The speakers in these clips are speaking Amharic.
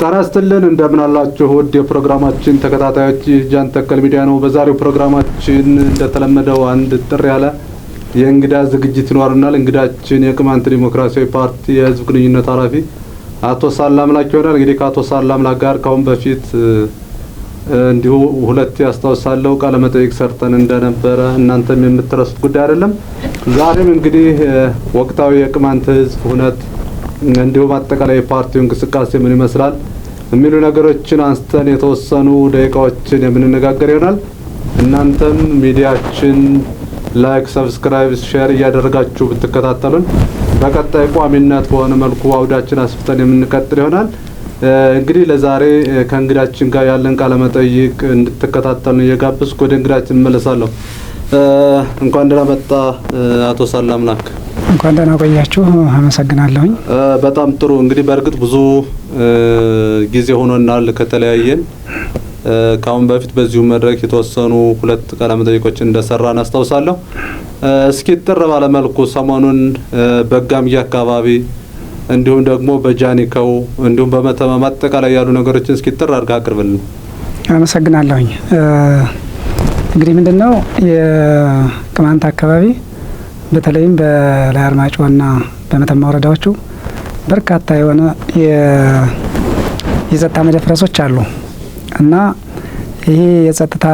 ጤና ይስጥልን እንደምን አላችሁ? ውድ የፕሮግራማችን ተከታታዮች ጃን ተከል ሚዲያ ነው። በዛሬው ፕሮግራማችን እንደተለመደው አንድ ጥር ያለ የእንግዳ ዝግጅት ይኖርናል። እንግዳችን የቅማንት ዲሞክራሲያዊ ፓርቲ የህዝብ ግንኙነት ኃላፊ አቶ ሳላምላክ ይሆናል። እንግዲህ ከአቶ ሳላምላክ ጋር ካሁን በፊት እንዲሁ ሁለት ያስታውሳለሁ ቃለ መጠይቅ ሰርተን እንደነበረ እናንተም የምትረሱት ጉዳይ አይደለም። ዛሬም እንግዲህ ወቅታዊ የቅማንት ህዝብ ሁነት እንዲሁም አጠቃላይ የፓርቲው እንቅስቃሴ ምን ይመስላል የሚሉ ነገሮችን አንስተን የተወሰኑ ደቂቃዎችን የምንነጋገር ይሆናል። እናንተም ሚዲያችን ላይክ፣ ሰብስክራይብ፣ ሼር እያደረጋችሁ ብትከታተሉን በቀጣይ ቋሚነት በሆነ መልኩ አውዳችን አስፍተን የምንቀጥል ይሆናል። እንግዲህ ለዛሬ ከእንግዳችን ጋር ያለን ቃለ መጠይቅ እንድትከታተሉ እየጋበዝኩ ወደ እንግዳችን እመለሳለሁ። እንኳን ደህና መጣ አቶ ሰላም ናክ እንኳን ደህና ቆያችሁ። አመሰግናለሁኝ። በጣም ጥሩ። እንግዲህ በእርግጥ ብዙ ጊዜ ሆኖናል ከተለያየን። ከአሁን በፊት በዚሁ መድረክ የተወሰኑ ሁለት ቃለ መጠይቆችን እንደሰራን አስታውሳለሁ። እስኪ ጥር ባለመልኩ ሰሞኑን በጋምያ አካባቢ እንዲሁም ደግሞ በጃኒከው እንዲሁም በመተማም አጠቃላይ ያሉ ነገሮችን እስኪ ጥር አቅርብልን። አመሰግናለሁኝ። እንግዲህ ምንድን ነው የቅማንት አካባቢ በተለይም በላይ አርማጭሆና በመተማ ወረዳዎቹ በርካታ የሆነ የጸጥታ መደፍረሶች አሉ እና ይሄ የጸጥታ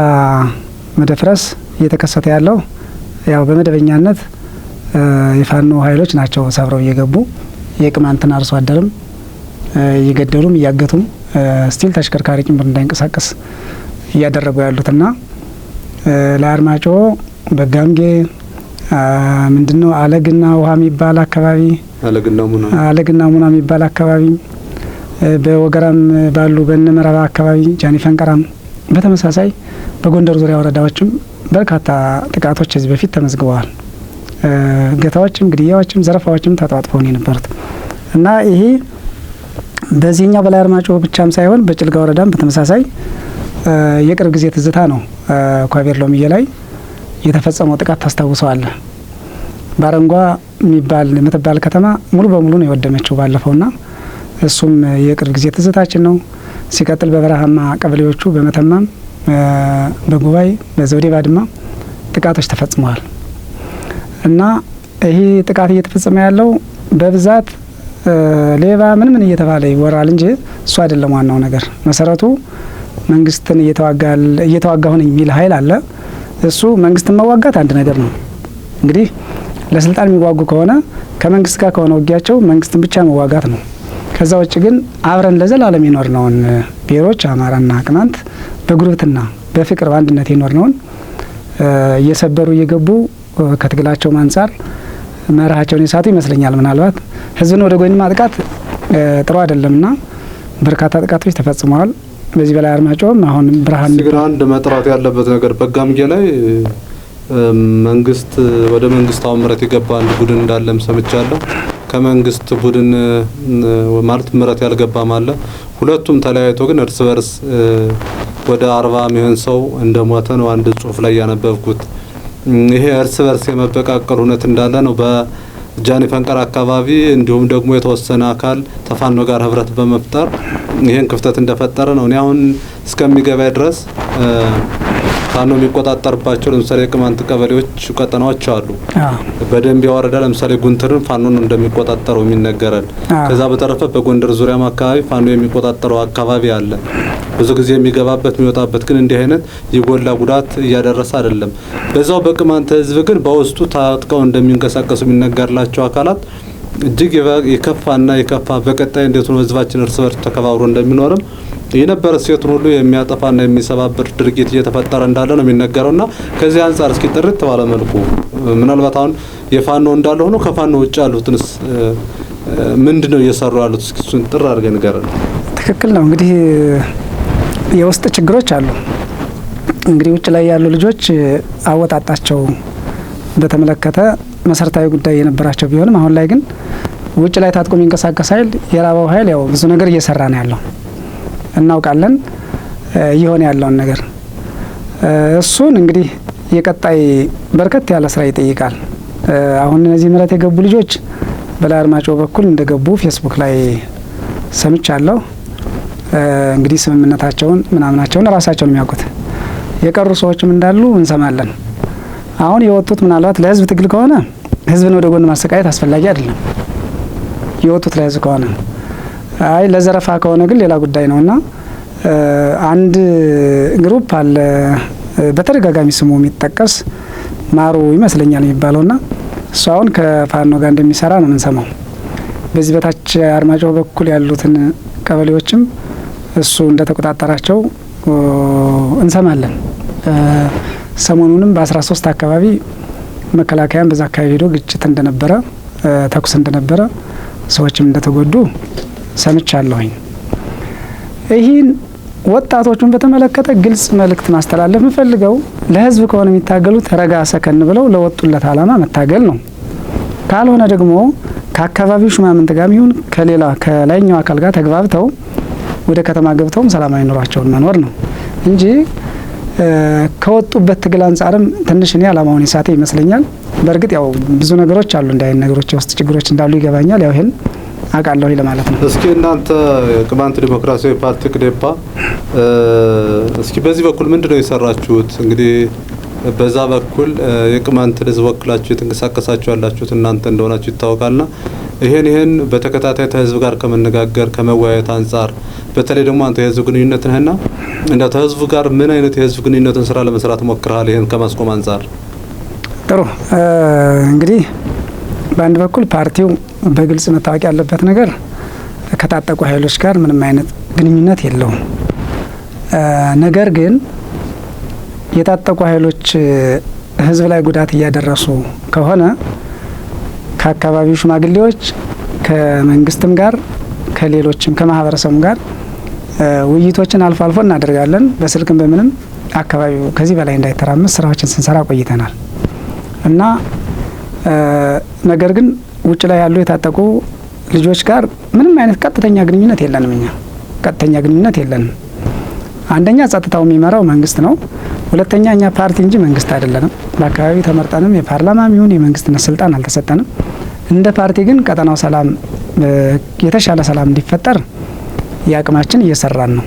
መደፍረስ እየተከሰተ ያለው ያው በመደበኛነት የፋኖ ኃይሎች ናቸው ሰብረው እየገቡ የቅማንትን አርሶ አደርም እየገደሉም እያገቱም ስቲል ተሽከርካሪ ጭምር እንዳይንቀሳቀስ እያደረጉ ያሉትና ለአድማጮ በጋምጌ ምንድን ነው አለግና ውሃ የሚባል አካባቢ አለግና ሙና የሚባል አካባቢ በወገራም ባሉ በነ አካባቢ ጃኒ ፈንቀራም በተመሳሳይ በጎንደር ዙሪያ ወረዳዎችም በርካታ ጥቃቶች ከዚህ በፊት ተመዝግበዋል። እገታዎችም ግድያዎችም ዘረፋዎችም ተጧጥፈው ነው የነበሩት እና ይሄ በዚህኛው በላይ አርማጭሆ ብቻም ሳይሆን በጭልጋ ወረዳም በተመሳሳይ የቅርብ ጊዜ ትዝታ ነው። ኳቤር ሎሚየ ላይ የተፈጸመው ጥቃት ታስታውሰዋለህ? ባረንጓ የሚባል የምትባል ከተማ ሙሉ በሙሉ ነው የወደመችው ባለፈውና እሱም የቅርብ ጊዜ ትዝታችን ነው። ሲቀጥል በበረሃማ ቀበሌዎቹ በመተማም፣ በጉባኤ፣ በዘውዴ ባድማ ጥቃቶች ተፈጽመዋል። እና ይሄ ጥቃት እየተፈጸመ ያለው በብዛት ሌባ ምን ምን እየተባለ ይወራል እንጂ እሱ አይደለም ዋናው ነገር። መሰረቱ መንግስትን እየተዋጋሁ ነኝ የሚል ሀይል አለ። እሱ መንግስትን መዋጋት አንድ ነገር ነው። እንግዲህ ለስልጣን የሚዋጉ ከሆነ ከመንግስት ጋር ከሆነ ውጊያቸው መንግስትን ብቻ መዋጋት ነው። ከዛ ውጭ ግን አብረን ለዘላለም ይኖር ነውን ብሔሮች አማራና ቅማንት በጉርብትና በፍቅር በአንድነት ነውን እየሰበሩ እየገቡ ከትግላቸውም አንጻር መርሃቸውን የሳቱ ይመስለኛል። ምናልባት ህዝብን ወደ ጎን ማጥቃት ጥሩ አይደለምና በርካታ ጥቃቶች ተፈጽመዋል። በዚህ በላይ አድማጮም አሁን ብርሃን ግን አንድ መጥራት ያለበት ነገር በጋምጌ ላይ መንግስት ወደ መንግስት ምረት የገባ አንድ ቡድን እንዳለም ሰምቻለሁ። ከመንግስት ቡድን ማለት ምረት ያልገባም አለ። ሁለቱም ተለያይቶ ግን እርስ በርስ ወደ አርባ የሚሆን ሰው እንደሞተ ነው አንድ ጽሁፍ ላይ ያነበብኩት። ይሄ እርስ በርስ የመበቃቀል ሁነት እንዳለ ነው። በጃኒ ፈንቀር አካባቢ እንዲሁም ደግሞ የተወሰነ አካል ተፋኖ ጋር ህብረት በመፍጠር ይህን ክፍተት እንደፈጠረ ነው። እኔ አሁን እስከሚገባ ድረስ ፋኖ የሚቆጣጠርባቸው ለምሳሌ የቅማንት ቀበሌዎች ቀጠናዎች አሉ። በደንብ ያወረዳ ለምሳሌ ጉንትርን ፋኖን እንደሚቆጣጠረው ይነገራል። ከዛ በተረፈ በጎንደር ዙሪያም አካባቢ ፋኖ የሚቆጣጠረው አካባቢ አለ። ብዙ ጊዜ የሚገባበት የሚወጣበት ግን እንዲህ አይነት የጎላ ጉዳት እያደረሰ አይደለም። በዛው በቅማንት ህዝብ ግን በውስጡ ታጥቀው እንደሚንቀሳቀሱ የሚነገርላቸው አካላት እጅግ የከፋና የከፋ በቀጣይ እንዴት ሆኖ ህዝባችን እርስ በርስ ተከባብሮ እንደሚኖርም የነበረ ሴቱን ሁሉ የሚያጠፋና የሚሰባብር ድርጊት እየተፈጠረ እንዳለ ነው የሚነገረው ና ከዚህ አንጻር እስኪ ጥርት ባለ መልኩ ምናልባት አሁን የፋኖ እንዳለ ሆኖ ከፋኖ ውጭ ያሉትንስ ምንድን ነው እየሰሩ ያሉት? እስኪ እሱን ጥር አድርገን ንገረን። ትክክል ነው እንግዲህ የውስጥ ችግሮች አሉ። እንግዲህ ውጭ ላይ ያሉ ልጆች አወጣጣቸው በተመለከተ መሰረታዊ ጉዳይ የነበራቸው ቢሆንም አሁን ላይ ግን ውጭ ላይ ታጥቆ የሚንቀሳቀስ ኃይል የራባው ኃይል ያው ብዙ ነገር እየሰራ ነው ያለው። እናውቃለን እየሆነ ያለውን ነገር። እሱን እንግዲህ የቀጣይ በርከት ያለ ስራ ይጠይቃል። አሁን እነዚህ ምረት የገቡ ልጆች በላይ በኩል እንደገቡ ፌስቡክ ላይ ሰምቻለሁ። እንግዲህ ስምምነታቸውን ምናምናቸውን ራሳቸው የሚያውቁት የቀሩ ሰዎችም እንዳሉ እንሰማለን። አሁን የወጡት ምናልባት ለህዝብ ትግል ከሆነ ህዝብን ወደ ጎን ማሰቃየት አስፈላጊ አይደለም። የወጡት ለህዝብ ከሆነ አይ ለዘረፋ ከሆነ ግን ሌላ ጉዳይ ነው እና አንድ ግሩፕ አለ በተደጋጋሚ ስሙ የሚጠቀስ ማሩ ይመስለኛል የሚባለው ና እሱ አሁን ከፋኖ ጋር እንደሚሰራ ነው የምንሰማው። በዚህ በታች አርማጭሆ በኩል ያሉትን ቀበሌዎችም እሱ እንደተቆጣጠራቸው እንሰማለን። ሰሞኑንም በአስራ ሶስት አካባቢ መከላከያን በዛ አካባቢ ሄዶ ግጭት እንደነበረ፣ ተኩስ እንደነበረ፣ ሰዎችም እንደተጎዱ ሰምቻለሁኝ። ይህን ወጣቶቹን በተመለከተ ግልጽ መልእክት ማስተላለፍ የምፈልገው ለህዝብ ከሆነ የሚታገሉት ረጋ ሰከን ብለው ለወጡለት አላማ መታገል ነው። ካልሆነ ደግሞ ከአካባቢው ሹማምንት ጋር ይሁን ከሌላ ከላይኛው አካል ጋር ተግባብተው ወደ ከተማ ገብተውም ሰላማዊ ኑሯቸውን መኖር ነው እንጂ ከወጡበት ትግል አንጻርም ትንሽ እኔ አላማውን የሳተ ይመስለኛል። በእርግጥ ያው ብዙ ነገሮች አሉ እንዳይን ነገሮች የውስጥ ችግሮች እንዳሉ ይገባኛል። ያው ይህን አውቃለሁ ለማለት ነው። እስኪ እናንተ ቅማንት ዲሞክራሲያዊ ፓርቲ ቅዴፓ፣ እስኪ በዚህ በኩል ምንድነው የሰራችሁት? እንግዲህ በዛ በኩል የቅማንትን ህዝብ ወክላችሁ የተንቀሳቀሳችሁ ያላችሁት እናንተ እንደሆናችሁ ይታወቃልና ይሄን ይሄን በተከታታይ ከህዝብ ጋር ከመነጋገር ከመወያየት አንጻር በተለይ ደግሞ አንተ የህዝብ ግንኙነት ነህና እንደ ከህዝቡ ጋር ምን አይነት የህዝብ ግንኙነትን ስራ ለመስራት ሞክረሃል? ይሄን ከማስቆም አንጻር ጥሩ እንግዲህ በአንድ በኩል ፓርቲው በግልጽ መታወቅ ያለበት ነገር ከታጠቁ ኃይሎች ጋር ምንም አይነት ግንኙነት የለውም። ነገር ግን የታጠቁ ኃይሎች ህዝብ ላይ ጉዳት እያደረሱ ከሆነ ከአካባቢው ሽማግሌዎች ከመንግስትም ጋር ከሌሎችም ከማህበረሰቡም ጋር ውይይቶችን አልፎ አልፎ እናደርጋለን። በስልክም በምንም አካባቢው ከዚህ በላይ እንዳይተራመስ ስራዎችን ስንሰራ ቆይተናል እና ነገር ግን ውጭ ላይ ያሉ የታጠቁ ልጆች ጋር ምንም አይነት ቀጥተኛ ግንኙነት የለንም። እኛ ቀጥተኛ ግንኙነት የለንም። አንደኛ ጸጥታው የሚመራው መንግስት ነው። ሁለተኛ እኛ ፓርቲ እንጂ መንግስት አይደለንም። በአካባቢ ተመርጠንም የፓርላማ የሚሆን የመንግስትነት ስልጣን አልተሰጠንም። እንደ ፓርቲ ግን ቀጠናው ሰላም የተሻለ ሰላም እንዲፈጠር የአቅማችን እየሰራን ነው።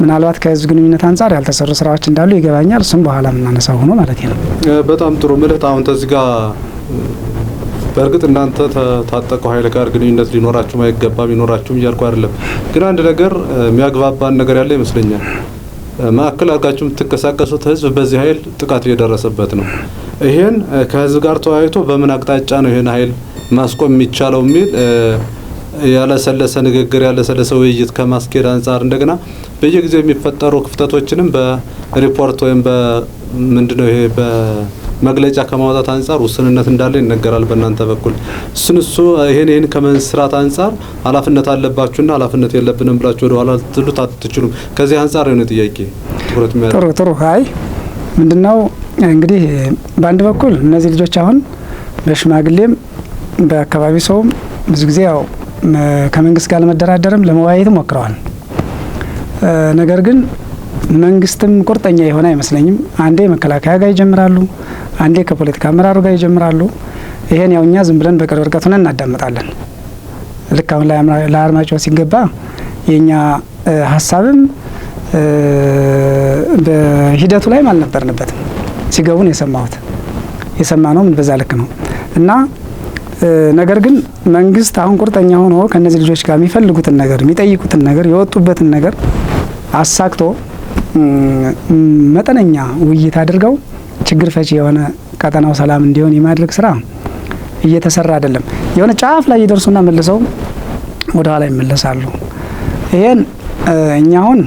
ምናልባት ከህዝብ ግንኙነት አንጻር ያልተሰሩ ስራዎች እንዳሉ ይገባኛል። እሱም በኋላ የምናነሳው ሆኖ ማለት ነው። በጣም ጥሩ ምልህት አሁን ተዚጋ በእርግጥ እናንተ ታጠቀው ኃይል ጋር ግንኙነት ሊኖራችሁም አይገባም ይኖራችሁም እያልኩ አይደለም። ግን አንድ ነገር የሚያግባባን ነገር ያለ ይመስለኛል። ማዕከል አድርጋችሁ የምትንቀሳቀሱት ህዝብ በዚህ ኃይል ጥቃት እየደረሰበት ነው። ይሄን ከህዝብ ጋር ተወያይቶ በምን አቅጣጫ ነው ይሄን ኃይል ማስቆም የሚቻለው የሚል ያለሰለሰ ንግግር ያለሰለሰ ውይይት ከማስኬድ አንጻር እንደገና በየጊዜው የሚፈጠሩ ክፍተቶችንም በሪፖርት ወይም በምንድነው ይሄ መግለጫ ከማውጣት አንጻር ውስንነት እንዳለ ይነገራል። በእናንተ በኩል እሱን እሱ ይሄን ይሄን ከመስራት አንጻር ኃላፊነት አለባችሁና ኃላፊነት የለብንም ብላችሁ ወደኋላ ልትሉት አትችሉም። ከዚህ አንጻር የሆነ ጥያቄ ትኩረት ጥሩ ጥሩ አይ ምንድነው እንግዲህ በአንድ በኩል እነዚህ ልጆች አሁን በሽማግሌም በአካባቢ ሰውም ብዙ ጊዜ ያው ከመንግስት ጋር ለመደራደርም ለመወያየት ሞክረዋል። ነገር ግን መንግስትም ቁርጠኛ የሆነ አይመስለኝም። አንዴ መከላከያ ጋር ይጀምራሉ፣ አንዴ ከፖለቲካ አመራሩ ጋር ይጀምራሉ። ይሄን ያው እኛ ዝም ብለን በቅርብ ርቀት ሆነን እናዳምጣለን። ልክ አሁን ለአርማጭሆ ሲገባ የእኛ ሀሳብም በሂደቱ ላይም አልነበርንበትም። ሲገቡን የሰማሁት ምን በዛ ልክ ነው እና ነገር ግን መንግስት አሁን ቁርጠኛ ሆኖ ከእነዚህ ልጆች ጋር የሚፈልጉትን ነገር የሚጠይቁትን ነገር የወጡበትን ነገር አሳክቶ መጠነኛ ውይይት አድርገው ችግር ፈቺ የሆነ ቀጠናው ሰላም እንዲሆን የማድረግ ስራ እየተሰራ አይደለም። የሆነ ጫፍ ላይ ይደርሱና መልሰው ወደ ኋላ ይመለሳሉ። ይሄን እኛ አሁን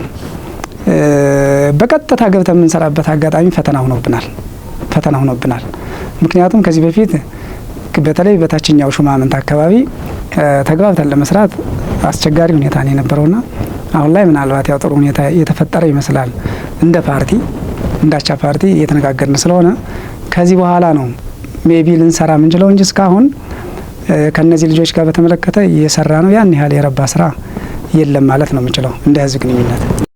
በቀጥታ ገብተን የምንሰራበት አጋጣሚ ፈተና ሆኖብናል ፈተና ሆኖብናል። ምክንያቱም ከዚህ በፊት በተለይ በታችኛው ሹማምንት አካባቢ ተግባብተን ለመስራት አስቸጋሪ ሁኔታ ነው የነበረውና አሁን ላይ ምናልባት ያው ጥሩ ሁኔታ የተፈጠረ ይመስላል። እንደ ፓርቲ እንዳቻ ፓርቲ እየተነጋገርን ስለሆነ ከዚህ በኋላ ነው ሜቢ ልንሰራ የምንችለው እንጂ እስካሁን ከእነዚህ ልጆች ጋር በተመለከተ እየሰራ ነው ያን ያህል የረባ ስራ የለም ማለት ነው የምችለው እንደ ህዝብ ግንኙነት